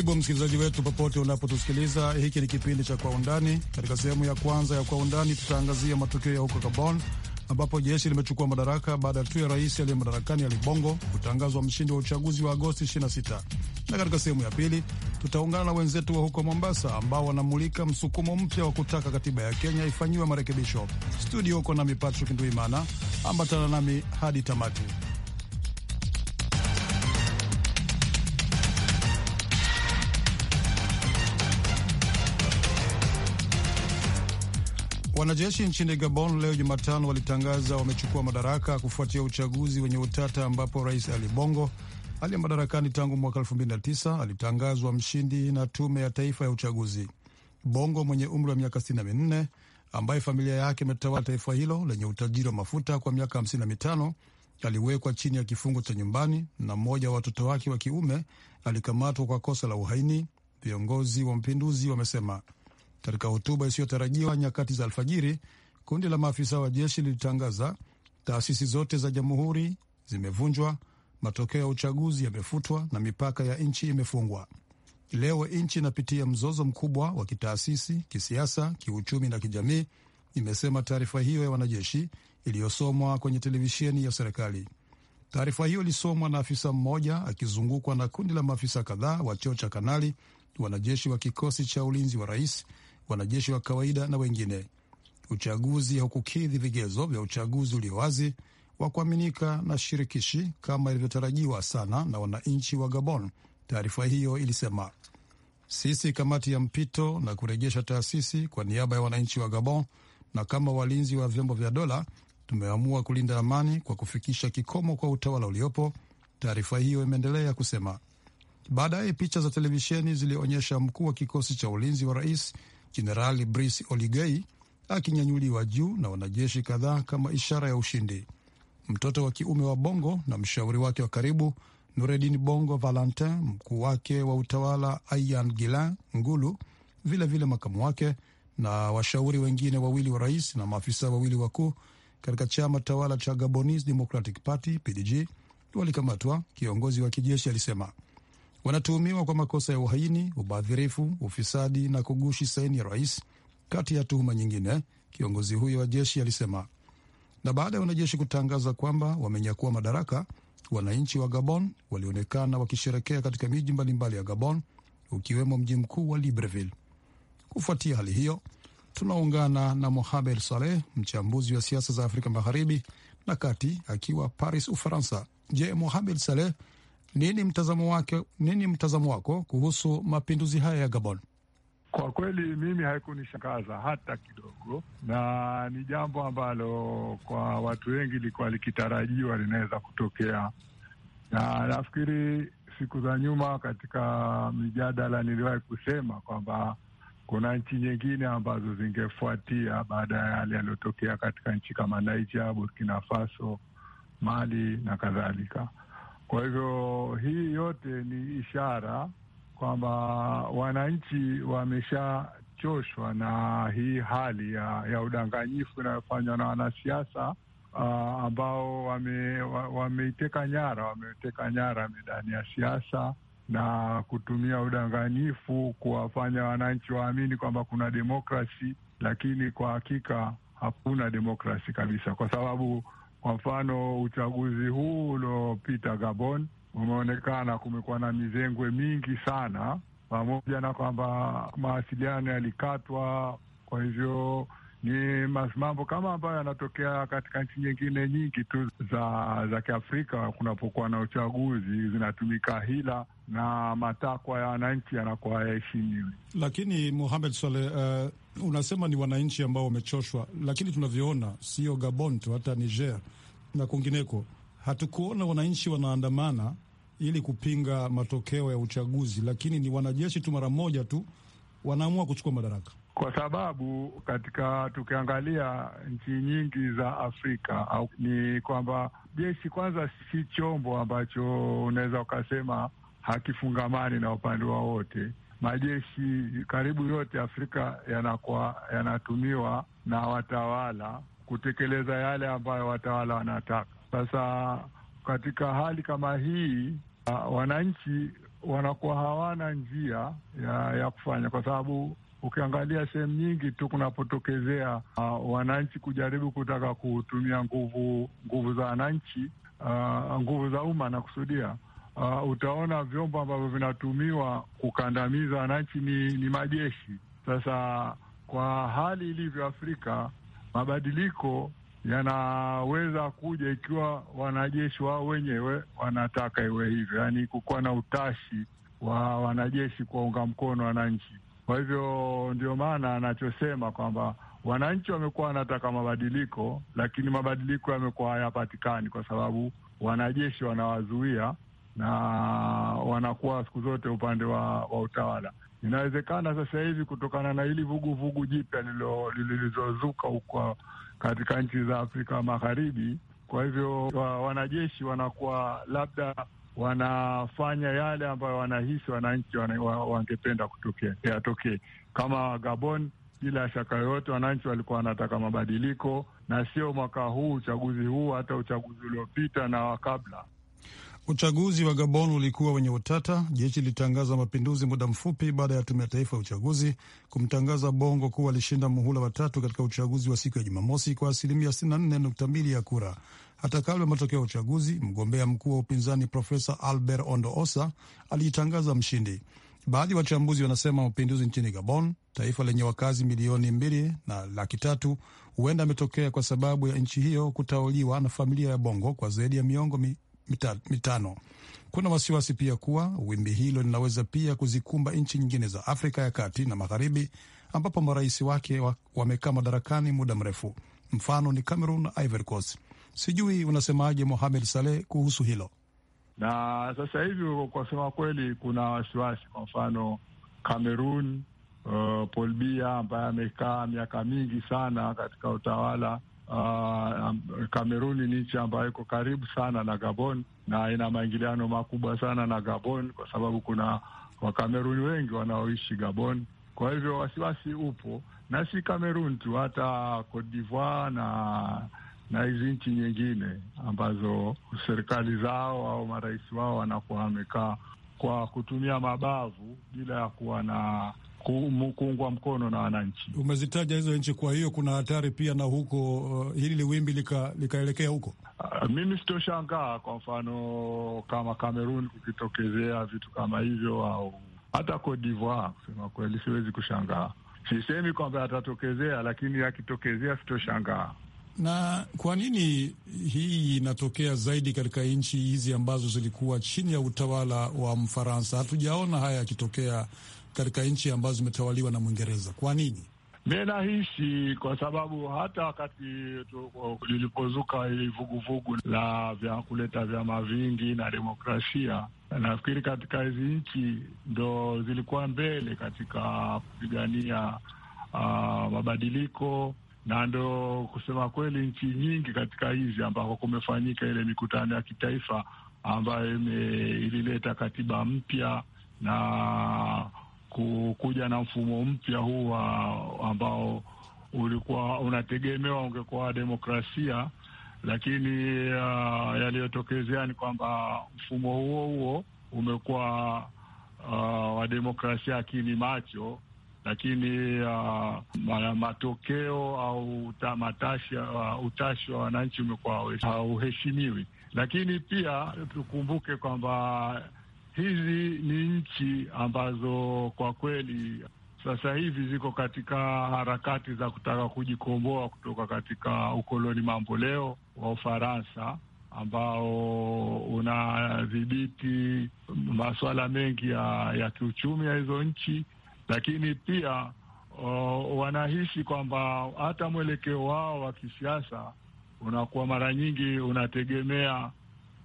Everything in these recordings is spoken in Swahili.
Karibu msikilizaji wetu popote unapotusikiliza. Hiki ni kipindi cha Kwa Undani. Katika sehemu ya kwanza ya Kwa Undani, tutaangazia matukio ya huko Gabon ambapo jeshi limechukua madaraka baada tu ya rais aliye madarakani Ali Bongo kutangazwa mshindi wa uchaguzi wa Agosti 26. Na katika sehemu ya pili tutaungana na wenzetu wa huko Mombasa ambao wanamulika msukumo mpya wa kutaka katiba ya Kenya ifanyiwe marekebisho. Studio uko nami Patrick Nduimana, ambatana nami hadi tamati. Wanajeshi nchini Gabon leo Jumatano walitangaza wamechukua madaraka kufuatia uchaguzi wenye utata ambapo Rais Ali Bongo aliye madarakani tangu mwaka 2009 alitangazwa mshindi na tume ya taifa ya uchaguzi. Bongo mwenye umri wa miaka 64 ambaye familia yake imetawala taifa hilo lenye utajiri wa mafuta kwa miaka 55 aliwekwa chini ya kifungo cha nyumbani na mmoja wa watoto wake wa kiume alikamatwa kwa kosa la uhaini, viongozi wa mapinduzi wamesema. Katika hotuba isiyotarajiwa nyakati za alfajiri, kundi la maafisa wa jeshi lilitangaza taasisi zote za jamhuri zimevunjwa, matokeo ya uchaguzi yamefutwa na mipaka ya nchi imefungwa. Leo nchi inapitia mzozo mkubwa wa kitaasisi, kisiasa, kiuchumi na kijamii, imesema taarifa hiyo ya wanajeshi iliyosomwa kwenye televisheni ya serikali. Taarifa hiyo ilisomwa na afisa mmoja akizungukwa na kundi la maafisa kadhaa wa cheo cha kanali, wanajeshi wa kikosi cha ulinzi wa rais wanajeshi wa kawaida na wengine. Uchaguzi haukukidhi vigezo vya uchaguzi ulio wazi wa kuaminika na shirikishi kama ilivyotarajiwa sana na wananchi wa Gabon, taarifa hiyo ilisema. Sisi kamati ya mpito na kurejesha taasisi kwa niaba ya wananchi wa Gabon na kama walinzi wa vyombo vya dola tumeamua kulinda amani kwa kufikisha kikomo kwa utawala uliopo, taarifa hiyo imeendelea kusema. Baadaye picha za televisheni zilionyesha mkuu wa kikosi cha ulinzi wa rais Jenerali Brice Oligei akinyanyuliwa juu na wanajeshi kadhaa kama ishara ya ushindi. Mtoto wa kiume wa Bongo na mshauri wake wa karibu Nuredin Bongo Valentin, mkuu wake wa utawala Ayan Gilan Ngulu, vilevile vile makamu wake na washauri wengine wawili wa rais na maafisa wawili wakuu katika chama tawala cha Gabonese Democratic Party PDG walikamatwa, kiongozi wa kijeshi alisema wanatuhumiwa kwa makosa ya uhaini, ubadhirifu, ufisadi na kugushi saini ya rais, kati ya tuhuma nyingine, kiongozi huyo wa jeshi alisema. Na baada ya wanajeshi kutangaza kwamba wamenyakua madaraka, wananchi wa Gabon walionekana wakisherekea katika miji mbalimbali ya Gabon, ukiwemo mji mkuu wa Libreville. Kufuatia hali hiyo, tunaungana na Mohamed Saleh, mchambuzi wa siasa za Afrika Magharibi na Kati, akiwa Paris, Ufaransa. Je, Mohamed Saleh, nini mtazamo wake, nini mtazamo wako kuhusu mapinduzi haya ya Gabon? Kwa kweli mimi haikunishangaza hata kidogo, na ni jambo ambalo kwa watu wengi lilikuwa likitarajiwa linaweza kutokea, na nafikiri siku za nyuma katika mijadala niliwahi kusema kwamba kuna nchi nyingine ambazo zingefuatia baada ya yale yaliyotokea katika nchi kama Niger, Burkina Faso, Mali na kadhalika. Kwa hivyo hii yote ni ishara kwamba wananchi wameshachoshwa na hii hali ya, ya udanganyifu inayofanywa na wanasiasa uh, ambao wameiteka wame nyara wameteka nyara medani ya siasa na kutumia udanganyifu kuwafanya wananchi waamini kwamba kuna demokrasi, lakini kwa hakika hakuna demokrasi kabisa, kwa sababu kwa mfano uchaguzi huu uliopita Gabon, umeonekana kumekuwa na mizengwe mingi sana, pamoja na kwamba mawasiliano yalikatwa, kwa hivyo ni mambo kama ambayo yanatokea katika nchi nyingine nyingi tu za za Kiafrika kunapokuwa na uchaguzi, zinatumika hila na matakwa ya wananchi yanakuwa hayaheshimiwi. Lakini muhamed Saleh, uh, unasema ni wananchi ambao wamechoshwa, lakini tunavyoona sio Gabon tu, hata Niger na kwingineko, hatukuona wananchi wanaandamana ili kupinga matokeo ya uchaguzi, lakini ni wanajeshi tu mara moja tu wanaamua kuchukua madaraka kwa sababu katika tukiangalia nchi nyingi za Afrika au ni kwamba jeshi kwanza si chombo ambacho unaweza ukasema hakifungamani na upande wowote. Majeshi karibu yote Afrika yanakuwa yanatumiwa na watawala kutekeleza yale ambayo watawala wanataka. Sasa katika hali kama hii, wananchi wanakuwa hawana njia ya, ya kufanya kwa sababu ukiangalia sehemu nyingi tu kunapotokezea uh, wananchi kujaribu kutaka kutumia nguvu nguvu za wananchi uh, nguvu za umma nakusudia uh, utaona vyombo ambavyo vinatumiwa kukandamiza wananchi ni, ni majeshi. Sasa kwa hali ilivyo Afrika, mabadiliko yanaweza kuja ikiwa wanajeshi wao wenyewe wanataka iwe hivyo, yaani kukuwa na utashi wa wanajeshi kuwaunga mkono wananchi. Kwa hivyo ndio maana anachosema kwamba wananchi wamekuwa wanataka mabadiliko, lakini mabadiliko yamekuwa hayapatikani kwa sababu wanajeshi wanawazuia na wanakuwa siku zote upande wa, wa utawala. Inawezekana sasa hivi kutokana na hili vuguvugu jipya lililozuka huko katika nchi za Afrika Magharibi, kwa hivyo wa, wanajeshi wanakuwa labda wanafanya yale ambayo wanahisi wananchi wangependa kutokea yatokee. Kama Gabon, bila shaka yoyote wananchi walikuwa wanataka mabadiliko, na sio mwaka huu, uchaguzi huu, hata uchaguzi uliopita na wa kabla. Uchaguzi wa Gabon ulikuwa wenye utata. Jeshi lilitangaza mapinduzi muda mfupi baada ya tume ya taifa ya uchaguzi kumtangaza Bongo kuwa alishinda muhula watatu katika uchaguzi wa siku ya Jumamosi kwa asilimia 64.2 ya kura. Hata kabla matokeo ya uchaguzi, mgombea mkuu wa upinzani Profesa Albert Ondo Osa alijitangaza mshindi. Baadhi ya wachambuzi wanasema mapinduzi nchini Gabon, taifa lenye wakazi milioni mbili na laki tatu, huenda ametokea kwa sababu ya nchi hiyo kutawaliwa na familia ya Bongo kwa zaidi ya miongo mi, mita, mitano. Kuna wasiwasi pia kuwa wimbi hilo linaweza pia kuzikumba nchi nyingine za Afrika ya kati na magharibi ambapo marais wake wamekaa madarakani muda mrefu. Mfano ni Cameroon na Ivory Coast. Sijui unasemaje Mohamed Saleh kuhusu hilo? Na sasa hivi kwa sema kweli, kuna wasiwasi. Kwa mfano cameron uh, Paul Biya ambaye amekaa miaka mingi sana katika utawala Uh, Kameruni ni nchi ambayo iko karibu sana na Gabon na ina maingiliano makubwa sana na Gabon kwa sababu kuna Wakameruni wengi wanaoishi Gabon. Kwa hivyo wasiwasi upo, na si cameron tu, hata Cote d'Ivoire na na hizi nchi nyingine ambazo serikali zao au marais wao wanakuwa wamekaa kwa kutumia mabavu bila ya kuwa na kuungwa mkono na wananchi. Umezitaja hizo nchi, kwa hiyo kuna hatari pia na huko, uh, hili liwimbi likaelekea lika huko. Uh, mimi sitoshangaa kwa mfano kama Kamerun kukitokezea vitu kama hivyo, au hata Cote d'Ivoire. Kusema kweli, siwezi kushangaa, sisemi kwamba yatatokezea, lakini yakitokezea sitoshangaa. Na kwa nini hii inatokea zaidi katika nchi hizi ambazo zilikuwa chini ya utawala wa Mfaransa? Hatujaona haya yakitokea katika nchi ambazo zimetawaliwa na Mwingereza. Kwa nini? Mi nahisi kwa sababu hata wakati lilipozuka hili vuguvugu la vya kuleta vyama vingi na demokrasia, nafikiri katika hizi nchi ndo zilikuwa mbele katika kupigania uh, mabadiliko na ndo kusema kweli, nchi nyingi katika hizi ambako kumefanyika ile mikutano ya kitaifa ambayo ilileta katiba mpya na kuja na mfumo mpya huu ambao ulikuwa unategemewa ungekuwa demokrasia, lakini uh, yaliyotokezea ni kwamba mfumo huo huo umekuwa uh, wa demokrasia akini macho lakini uh, matokeo au tamasha uh, utashi wa wananchi umekuwa hauheshimiwi. Lakini pia tukumbuke kwamba hizi ni nchi ambazo kwa kweli sasa hivi ziko katika harakati za kutaka kujikomboa kutoka katika ukoloni mamboleo wa Ufaransa ambao unadhibiti masuala mengi ya, ya kiuchumi ya hizo nchi lakini pia uh, wanahisi kwamba hata mwelekeo wao wa kisiasa unakuwa mara nyingi unategemea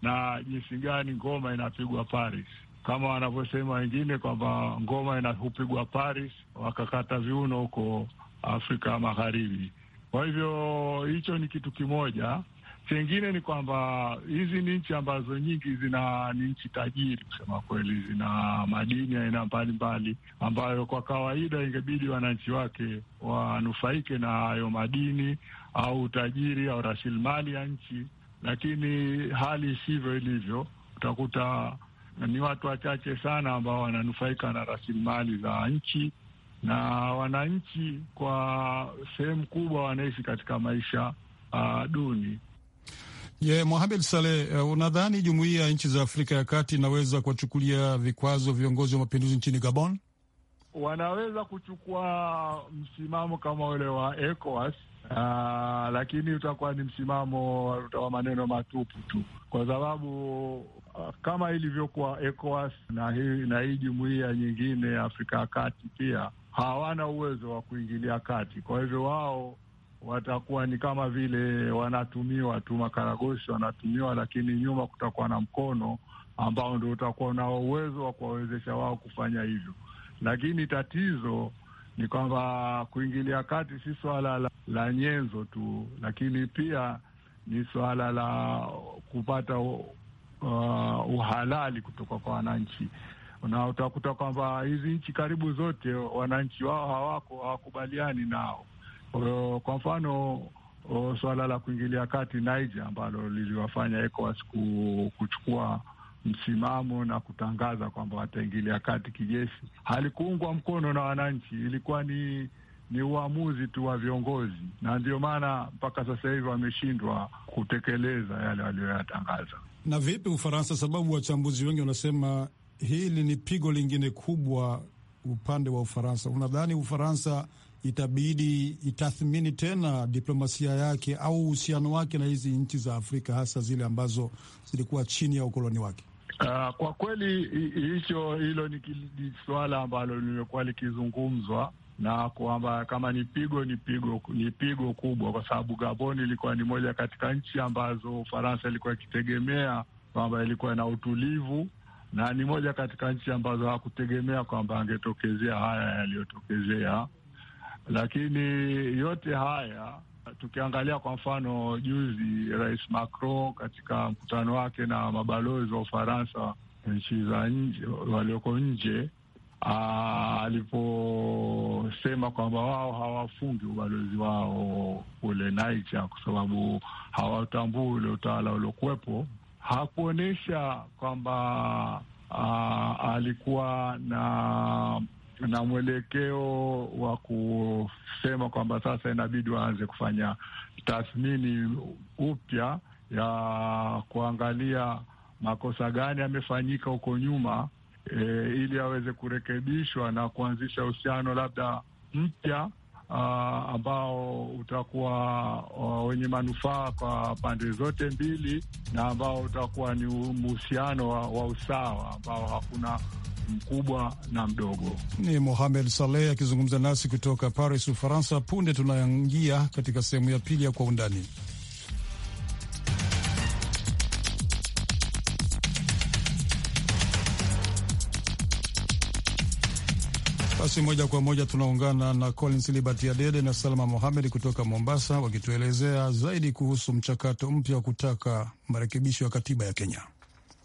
na jinsi gani ngoma inapigwa Paris, kama wanavyosema wengine kwamba ngoma inahupigwa Paris, wakakata viuno huko Afrika Magharibi. Kwa hivyo hicho ni kitu kimoja Chengine ni kwamba hizi ni nchi ambazo nyingi zina ni nchi tajiri kusema kweli, zina madini aina mbalimbali ambayo kwa kawaida ingebidi wananchi wake wanufaike na hayo madini au utajiri au rasilimali ya nchi, lakini hali isivyo ilivyo, utakuta ni watu wachache sana ambao wananufaika na rasilimali za nchi, na wananchi kwa sehemu kubwa wanaishi katika maisha uh, duni. Je, Mohamed Saleh, eh, unadhani jumuiya ya nchi za Afrika ya Kati inaweza kuwachukulia vikwazo viongozi wa mapinduzi nchini Gabon? Wanaweza kuchukua msimamo kama ule wa ECOWAS. Uh, lakini utakuwa ni msimamo utawa maneno matupu tu, kwa sababu uh, kama ilivyokuwa ECOWAS na hii na hii jumuiya nyingine ya Afrika ya Kati pia hawana uwezo wa kuingilia kati. Kwa hivyo wao watakuwa ni kama vile wanatumiwa tu, makaragosi wanatumiwa, lakini nyuma kutakuwa na mkono ambao ndio utakuwa unao uwezo wa kuwawezesha wao kufanya hivyo. Lakini tatizo ni kwamba kuingilia kati si swala la, la nyenzo tu, lakini pia ni swala la kupata uh, uhalali kutoka kwa wananchi, na utakuta kwamba hizi nchi karibu zote wananchi wao hawako hawakubaliani nao kwa mfano suala la kuingilia kati Niger ambalo liliwafanya ECOWAS kuchukua msimamo na kutangaza kwamba wataingilia kati kijeshi halikuungwa mkono na wananchi, ilikuwa ni ni uamuzi tu wa viongozi, na ndio maana mpaka sasa hivi wameshindwa kutekeleza yale waliyoyatangaza. Na vipi Ufaransa? Sababu wachambuzi wengi wanasema hili ni pigo lingine kubwa upande wa Ufaransa. Unadhani Ufaransa itabidi itathmini tena diplomasia yake au uhusiano wake na hizi nchi za Afrika, hasa zile ambazo zilikuwa chini ya ukoloni wake. Uh, kwa kweli hicho hilo ni suala ambalo limekuwa likizungumzwa na kwamba kama ni pigo ni pigo ni pigo kubwa, kwa sababu Gabon ilikuwa ni moja katika nchi ambazo Ufaransa ilikuwa ikitegemea kwamba ilikuwa na utulivu na ni moja katika nchi ambazo hakutegemea kwamba angetokezea haya yaliyotokezea. Lakini yote haya tukiangalia kwa mfano, juzi Rais Macron katika mkutano wake na mabalozi wa Ufaransa nchi za nje walioko nje aliposema kwamba wao hawafungi ubalozi wao kule Niger kwa sababu hawatambui ule utawala uliokuwepo, hakuonyesha kwamba alikuwa na na mwelekeo wa kusema kwamba sasa inabidi waanze kufanya tathmini upya ya kuangalia makosa gani yamefanyika huko nyuma, e, ili aweze kurekebishwa na kuanzisha uhusiano labda mpya uh, ambao utakuwa uh, wenye manufaa kwa pande zote mbili na ambao utakuwa ni uhusiano wa, wa usawa ambao hakuna mkubwa na mdogo. Ni Mohamed Saleh akizungumza nasi kutoka Paris, Ufaransa. Punde tunaingia katika sehemu ya pili ya Kwa Undani. Basi moja kwa moja tunaungana na Collins Liberty Adede na Salma Mohamed kutoka Mombasa, wakituelezea zaidi kuhusu mchakato mpya wa kutaka marekebisho ya katiba ya Kenya.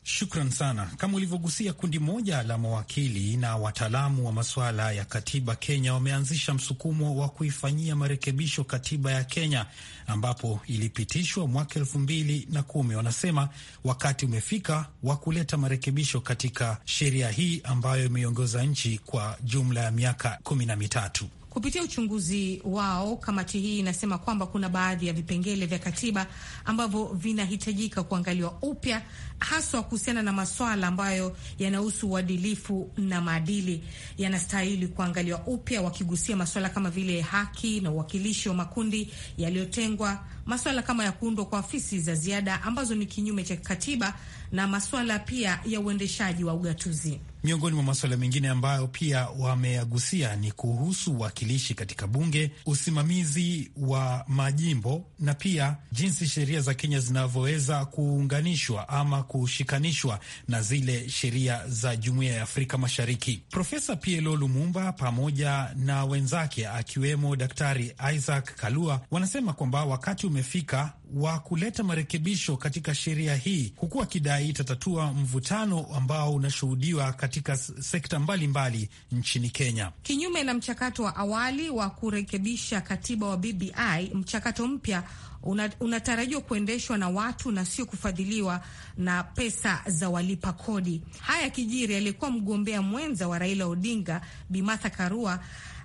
Shukran sana. Kama ulivyogusia, kundi moja la mawakili na wataalamu wa masuala ya katiba Kenya wameanzisha msukumo wa kuifanyia marekebisho katiba ya Kenya ambapo ilipitishwa mwaka elfu mbili na kumi. Wanasema wakati umefika wa kuleta marekebisho katika sheria hii ambayo imeiongoza nchi kwa jumla ya miaka kumi na mitatu. Kupitia uchunguzi wao, kamati hii inasema kwamba kuna baadhi ya vipengele vya katiba ambavyo vinahitajika kuangaliwa upya, haswa kuhusiana na maswala ambayo yanahusu uadilifu na maadili, yanastahili kuangaliwa upya, wakigusia maswala kama vile haki na uwakilishi wa makundi yaliyotengwa, maswala kama ya kuundwa kwa afisi za ziada ambazo ni kinyume cha katiba, na maswala pia ya uendeshaji wa ugatuzi. Miongoni mwa masuala mengine ambayo pia wameyagusia ni kuhusu uwakilishi katika bunge, usimamizi wa majimbo na pia jinsi sheria za Kenya zinavyoweza kuunganishwa ama kushikanishwa na zile sheria za Jumuiya ya Afrika Mashariki. Profesa Pielo Lumumba pamoja na wenzake akiwemo Daktari Isaac Kalua wanasema kwamba wakati umefika wa kuleta marekebisho katika sheria hii, huku akidai itatatua mvutano ambao unashuhudiwa katika sekta mbalimbali mbali nchini Kenya. Kinyume na mchakato wa awali wa kurekebisha katiba wa BBI, mchakato mpya unatarajiwa una kuendeshwa na watu na sio kufadhiliwa na pesa za walipa kodi. Haya kijiri, aliyekuwa mgombea mwenza wa Raila Odinga Bimatha Karua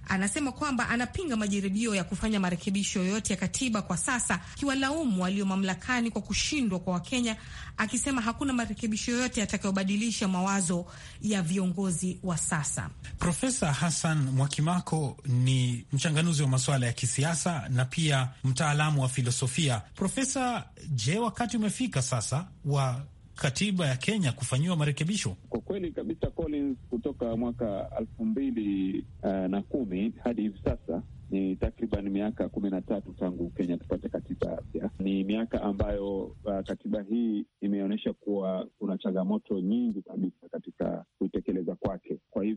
anasema kwamba anapinga majaribio ya kufanya marekebisho yoyote ya katiba kwa sasa, akiwalaumu walio mamlakani kwa kushindwa kwa Wakenya, akisema hakuna marekebisho yoyote yatakayobadilisha mawazo ya viongozi wa sasa. Profesa Hassan Mwakimako ni mchanganuzi wa masuala ya kisiasa na pia mtaalamu wa filosofia. Profesa, je, wakati umefika sasa wa katiba ya Kenya kufanyiwa marekebisho? Kwa kweli kabisa, Collins, kutoka mwaka elfu mbili uh, na kumi hadi hivi sasa ni takriban miaka kumi na tatu tangu Kenya tupate katiba mpya. Ni miaka ambayo uh, katiba hii imeonyesha kuwa kuna changamoto nyingi kabisa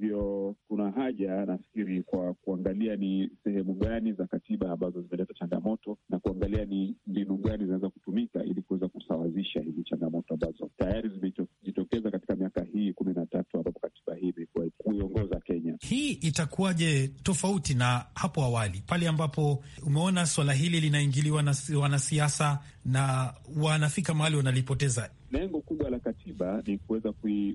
hivyo kuna haja nafikiri kwa kuangalia ni sehemu gani za katiba ambazo zimeleta changamoto na kuangalia ni mbinu gani zinaweza kutumika ili kuweza kusawazisha hizi changamoto ambazo tayari zimejitokeza katika miaka hii kumi na tatu ambapo katiba hii imekuwa kuiongoza Kenya. Hii itakuwaje tofauti na hapo awali pale ambapo umeona swala hili linaingiliwa na wanasiasa na wanafika mahali wanalipoteza? Lengo kubwa la katiba ni kuweza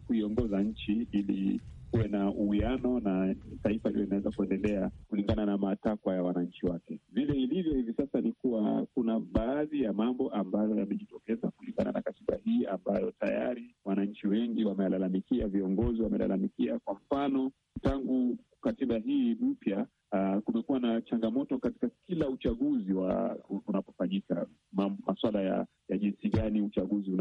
kuiongoza kui nchi ili kuwe na uwiano na taifa liwe linaweza kuendelea kulingana na matakwa ya wananchi wake. Vile ilivyo hivi sasa ni kuwa kuna baadhi ya mambo ambayo yamejitokeza kulingana na katiba hii ambayo tayari wananchi wengi wamelalamikia, viongozi wamelalamikia. Kwa mfano, tangu katiba hii mpya Uh, kumekuwa na changamoto katika kila uchaguzi wa unapofanyika, masuala ya ya jinsi gani uchaguzi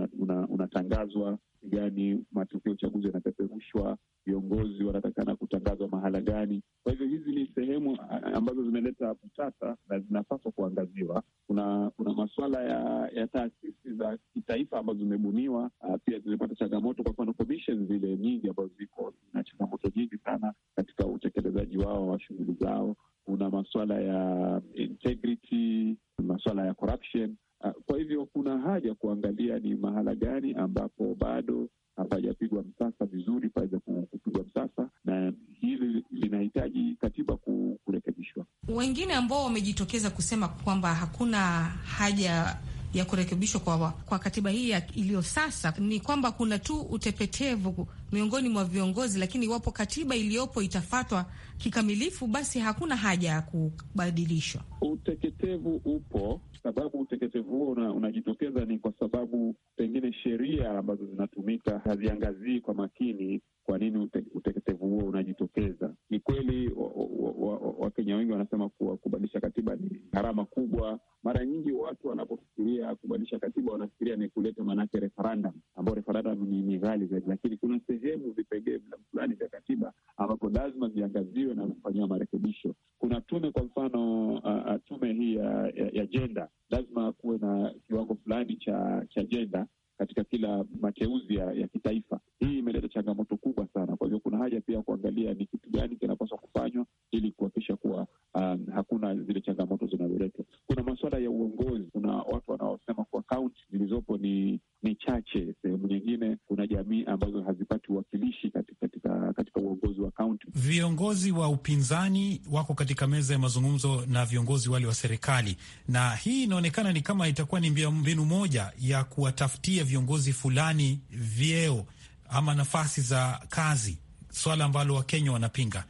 unatangazwa, una, una gani matokeo ya uchaguzi yanapeperushwa, viongozi wanatakana kutangazwa mahala gani. Kwa hivyo hizi ni sehemu ambazo zimeleta utata na zinapaswa kuangaziwa. Kuna kuna masuala ya, ya taasisi za kitaifa ambazo zimebuniwa pia zimepata changamoto. Kwa mfano commission zile nyingi ambazo ziko zina changamoto nyingi sana katika utekelezaji wao wa shughuli zao. Kuna masuala ya integrity, maswala ya corruption Ah, kwa hivyo kuna haja kuangalia ni mahala gani ambapo bado hapajapigwa msasa vizuri, paweza kupigwa msasa, na hili linahitaji katiba kurekebishwa. Wengine ambao wamejitokeza kusema kwamba hakuna haja ya kurekebishwa kwa, kwa katiba hii iliyo sasa ni kwamba kuna tu utepetevu miongoni mwa viongozi, lakini iwapo katiba iliyopo itafatwa kikamilifu, basi hakuna haja ya kubadilishwa. Uteketevu upo, sababu uteketevu huo una, unajitokeza ni kwa sababu pengine sheria ambazo zinatumika haziangazii kwa makini kwa nini ute, uteketevu huo unajitokeza. Ni kweli Wakenya wa, wa, wa wengi wanasema kuwa kubadilisha katiba ni gharama kubwa. Mara nyingi watu wanapofikiria kubadilisha katiba wanafikiria ni kuleta maanake referendum, ambao referendum ni, ni ghali zaidi, lakini kuna sehemu vipengee fulani vya katiba ambapo lazima viangaziwe hayo na marekebisho. Kuna tume kwa mfano uh, uh tume hii ya, ya, ya jenda, lazima kuwe na kiwango fulani cha cha jenda katika kila mateuzi ya, ya kitaifa. Hii imeleta changamoto kubwa sana. Kwa hivyo kuna haja pia ya kuangalia ni kitu gani kinapaswa kufanywa ili kuhakikisha kuwa um, hakuna zile changamoto zinazoletwa. Kuna masuala ya uongozi, kuna watu wanao kaunti zilizopo ni ni chache. Sehemu nyingine kuna jamii ambazo hazipati uwakilishi katika, katika, katika uongozi wa kaunti. Viongozi wa upinzani wako katika meza ya mazungumzo na viongozi wale wa serikali, na hii inaonekana ni kama itakuwa ni mbinu moja ya kuwatafutia viongozi fulani vyeo ama nafasi za kazi swala ambalo Wakenya wanapinga.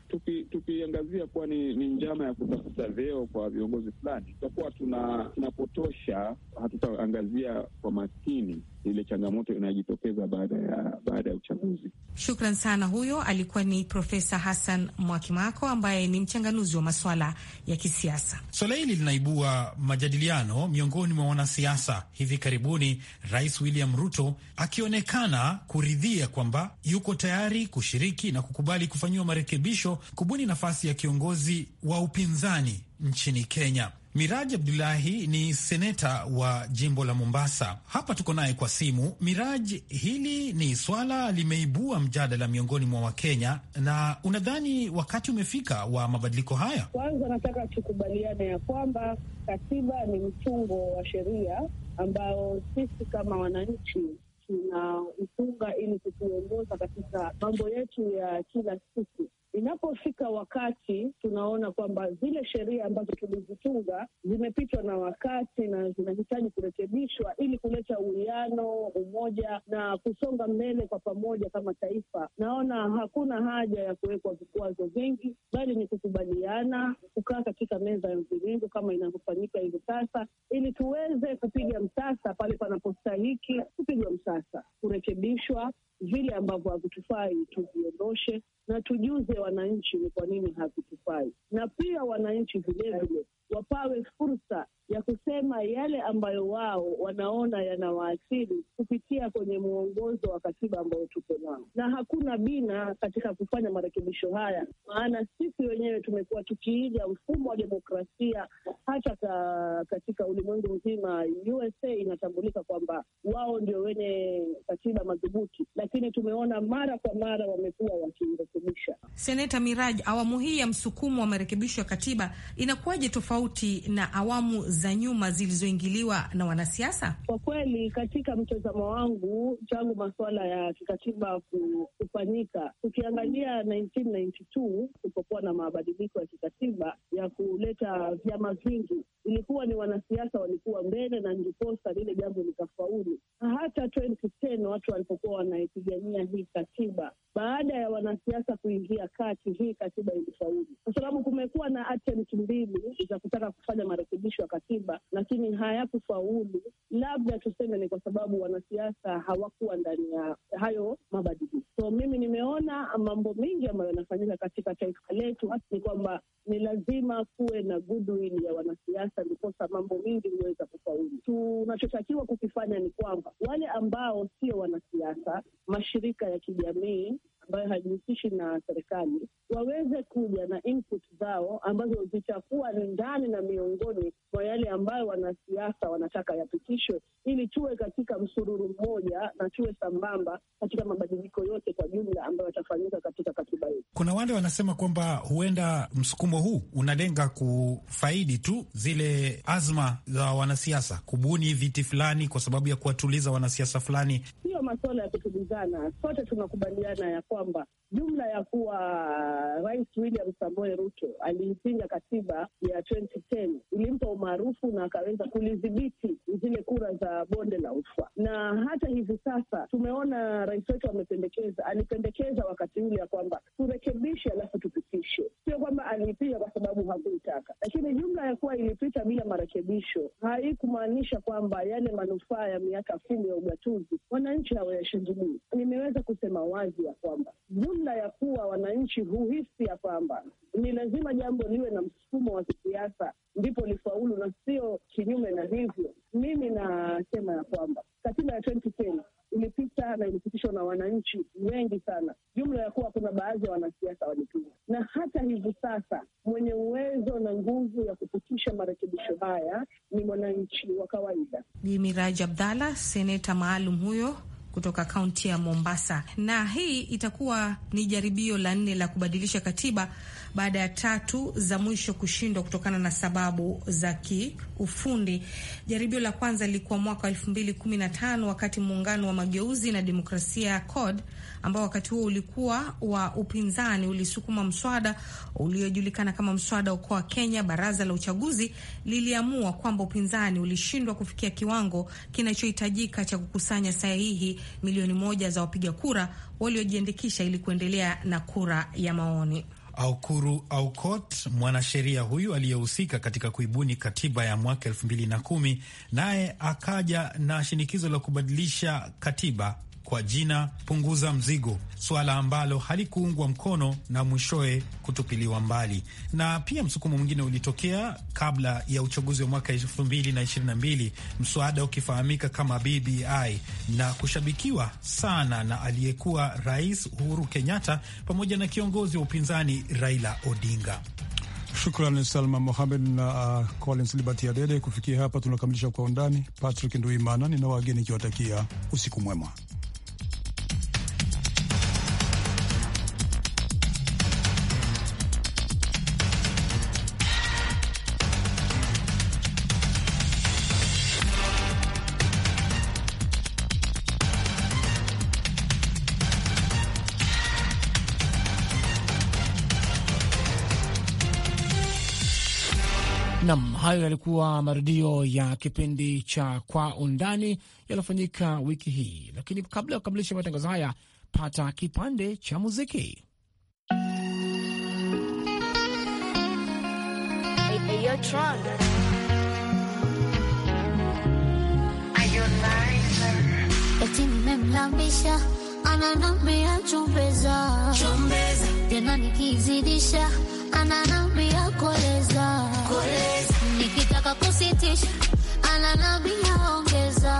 Tukiangazia kuwa ni, ni njama ya kutafuta vyeo kwa viongozi fulani, tutakuwa tunapotosha, hatutaangazia kwa makini ile changamoto inayojitokeza baada ya baada ya uchaguzi. Shukran sana. Huyo alikuwa ni Profesa Hassan Mwakimako ambaye ni mchanganuzi wa maswala ya kisiasa. Swala hili linaibua majadiliano miongoni mwa wanasiasa. Hivi karibuni, Rais William Ruto akionekana kuridhia kwamba yuko tayari kushiriki na kukubali kufanyiwa marekebisho kubuni nafasi ya kiongozi wa upinzani nchini Kenya. Miraji Abdulahi ni seneta wa jimbo la Mombasa. Hapa tuko naye kwa simu. Miraji, hili ni swala limeibua mjadala miongoni mwa Wakenya, na unadhani wakati umefika wa mabadiliko haya? Kwanza nataka tukubaliane ya kwamba katiba ni mtungo wa sheria ambao sisi kama wananchi tunaitunga ili kutuongoza katika mambo yetu ya kila siku Inapofika wakati tunaona kwamba zile sheria ambazo tulizitunga zimepitwa na wakati na zinahitaji kurekebishwa ili kuleta uwiano, umoja na kusonga mbele kwa pamoja kama taifa, naona hakuna haja ya kuwekwa vikwazo vingi, bali ni kukubaliana, kukaa katika meza ya mviringo kama inavyofanyika hivi sasa, ili tuweze kupiga msasa pale panapostahiki kupigwa msasa, kurekebishwa vile ambavyo havitufai, tuviondoshe na tujuze wananchi ni kwa nini hatukufai, na pia wananchi vilevile wapawe fursa ya kusema yale ambayo wao wanaona yanawaathiri kupitia kwenye mwongozo wa katiba ambayo tuko nao, na hakuna bina katika kufanya marekebisho haya, maana sisi wenyewe tumekuwa tukiiga mfumo wa demokrasia hata ka, katika ulimwengu mzima. USA inatambulika kwamba wao ndio wenye katiba madhubuti, lakini tumeona mara kwa mara wamekuwa wakirekebisha. Seneta Miraj, awamu hii ya msukumo wa marekebisho ya katiba inakuwaje tofauti tofauti na awamu za nyuma zilizoingiliwa na wanasiasa? Kwa kweli, katika mtazamo wangu tangu masuala ya kikatiba kufanyika, tukiangalia 1992 kulipokuwa na mabadiliko ya kikatiba ya kuleta vyama vingi, ilikuwa ni wanasiasa walikuwa mbele na ndiposa lile jambo likafaulu. Hata 2010 watu walipokuwa wanaipigania hii katiba, baada ya wanasiasa kuingia kati, hii katiba ilifaulu, kwa sababu kumekuwa na attempt mbili za kutaka kufanya marekebisho ya katiba, lakini hayakufaulu. Labda tuseme ni kwa sababu wanasiasa hawakuwa ndani ya hayo mabadiliko. So mimi nimeona mambo mengi ambayo yanafanyika katika taifa letu, ni kwamba ni lazima kuwe na goodwill ya wanasiasa, ndiposa mambo mengi huweza kufaulu. Tunachotakiwa kukifanya ni kwamba wale ambao sio wanasiasa, mashirika ya kijamii ambayo haijihusishi na serikali waweze kuja na input zao ambazo zitakuwa ni ndani na miongoni mwa yale ambayo wanasiasa wanataka yapitishwe, ili tuwe katika msururu mmoja na tuwe sambamba katika mabadiliko yote kwa jumla ambayo yatafanyika katika katiba hii. Kuna wale wanasema kwamba huenda msukumo huu unalenga kufaidi tu zile azma za wanasiasa kubuni viti fulani kwa sababu ya kuwatuliza wanasiasa fulani. hiyo masuala ya kutulizana, sote tunakubaliana ya kwamba jumla ya kuwa uh, Rais William Samoei Ruto aliipinga katiba ya 2010 ilimpa umaarufu na akaweza kulidhibiti zile kura za bonde la ufa. Na hata hivi sasa tumeona rais wetu amependekeza, alipendekeza wakati ule ya kwamba turekebishe, alafu tupitishe. Sio kwamba aliipinga kwa sababu hakuitaka, lakini jumla ya kuwa ilipita bila marekebisho haikumaanisha kwamba yale manufaa ya miaka kumi ya ugatuzi wananchi hawayashangilii. Nimeweza kusema wazi ya kwamba jumla namna ya kuwa wananchi huhisi ya kwamba ni lazima jambo liwe na msukumo wa kisiasa ndipo lifaulu, na sio kinyume na hivyo. Mimi nasema ya kwamba katiba ya 2010 ilipita na ilipitishwa na wananchi wengi sana, jumla ya kuwa kuna baadhi ya wanasiasa walipinga, na hata hivi sasa mwenye uwezo na nguvu ya kupitisha marekebisho haya ni mwananchi wa kawaida. Bi Miraji Abdalla, seneta maalum huyo kutoka kaunti ya Mombasa, na hii itakuwa ni jaribio la nne la kubadilisha katiba baada ya tatu za mwisho kushindwa kutokana na sababu za kiufundi. Jaribio la kwanza lilikuwa mwaka 2015 wakati muungano wa mageuzi na demokrasia CORD ambao wakati huo ulikuwa wa upinzani ulisukuma mswada uliojulikana kama mswada wa Okoa Kenya. Baraza la uchaguzi liliamua kwamba upinzani ulishindwa kufikia kiwango kinachohitajika cha kukusanya sahihi milioni moja za wapiga kura waliojiandikisha ili kuendelea na kura ya maoni. Aukuru Aukot, mwanasheria huyu aliyehusika katika kuibuni katiba ya mwaka elfu mbili na kumi, naye akaja na shinikizo la kubadilisha katiba kwa jina punguza mzigo, suala ambalo halikuungwa mkono na mwishowe kutupiliwa mbali. Na pia msukumo mwingine ulitokea kabla ya uchaguzi wa mwaka 2022, mswada ukifahamika kama BBI na kushabikiwa sana na aliyekuwa Rais Uhuru Kenyatta pamoja na kiongozi wa upinzani Raila Odinga. Shukrani Salma Mohamed na uh, Collins Liberty Adede. Kufikia hapa tunakamilisha Kwa Undani. Patrick Nduimana ni na wageni ikiwatakia usiku mwema. Hayo yalikuwa marudio ya kipindi cha Kwa Undani yaliyofanyika wiki hii, lakini kabla ya kukamilisha matangazo haya, pata kipande cha muziki. Eti nimemlambisha ananambia chumbeza, tena nikizidisha ananambia koleza, koleza kwa kusitisha, ananambia ongeza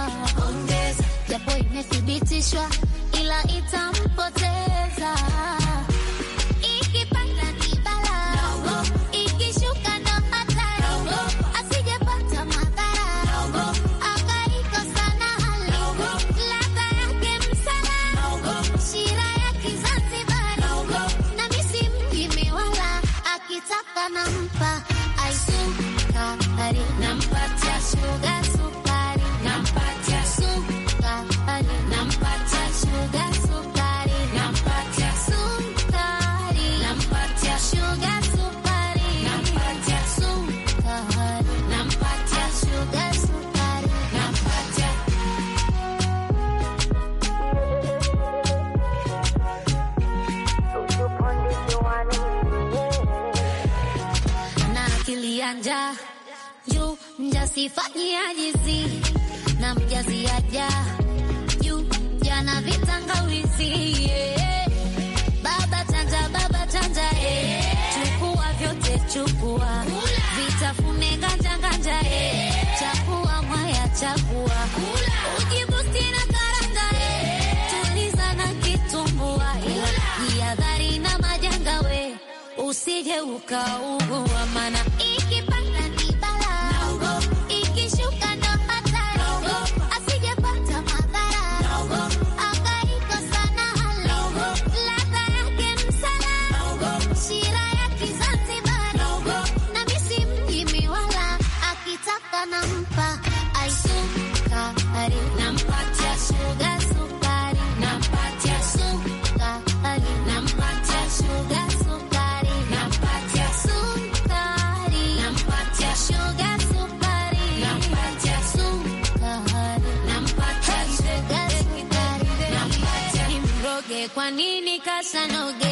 ongeza, japo imethibitishwa ila itampoteza janja juu mjasifanyiajizi na aja juu jana vitangawizi yeah. Baba tanja baba tanja Chukua vyote chukua vitafune ganja ganja Chakua mwaya chakua ujibu karanga Tuliza na kitumbua na usije ukaugua mana Kwa nini kasa noge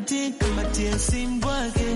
my Matin, seem Simba,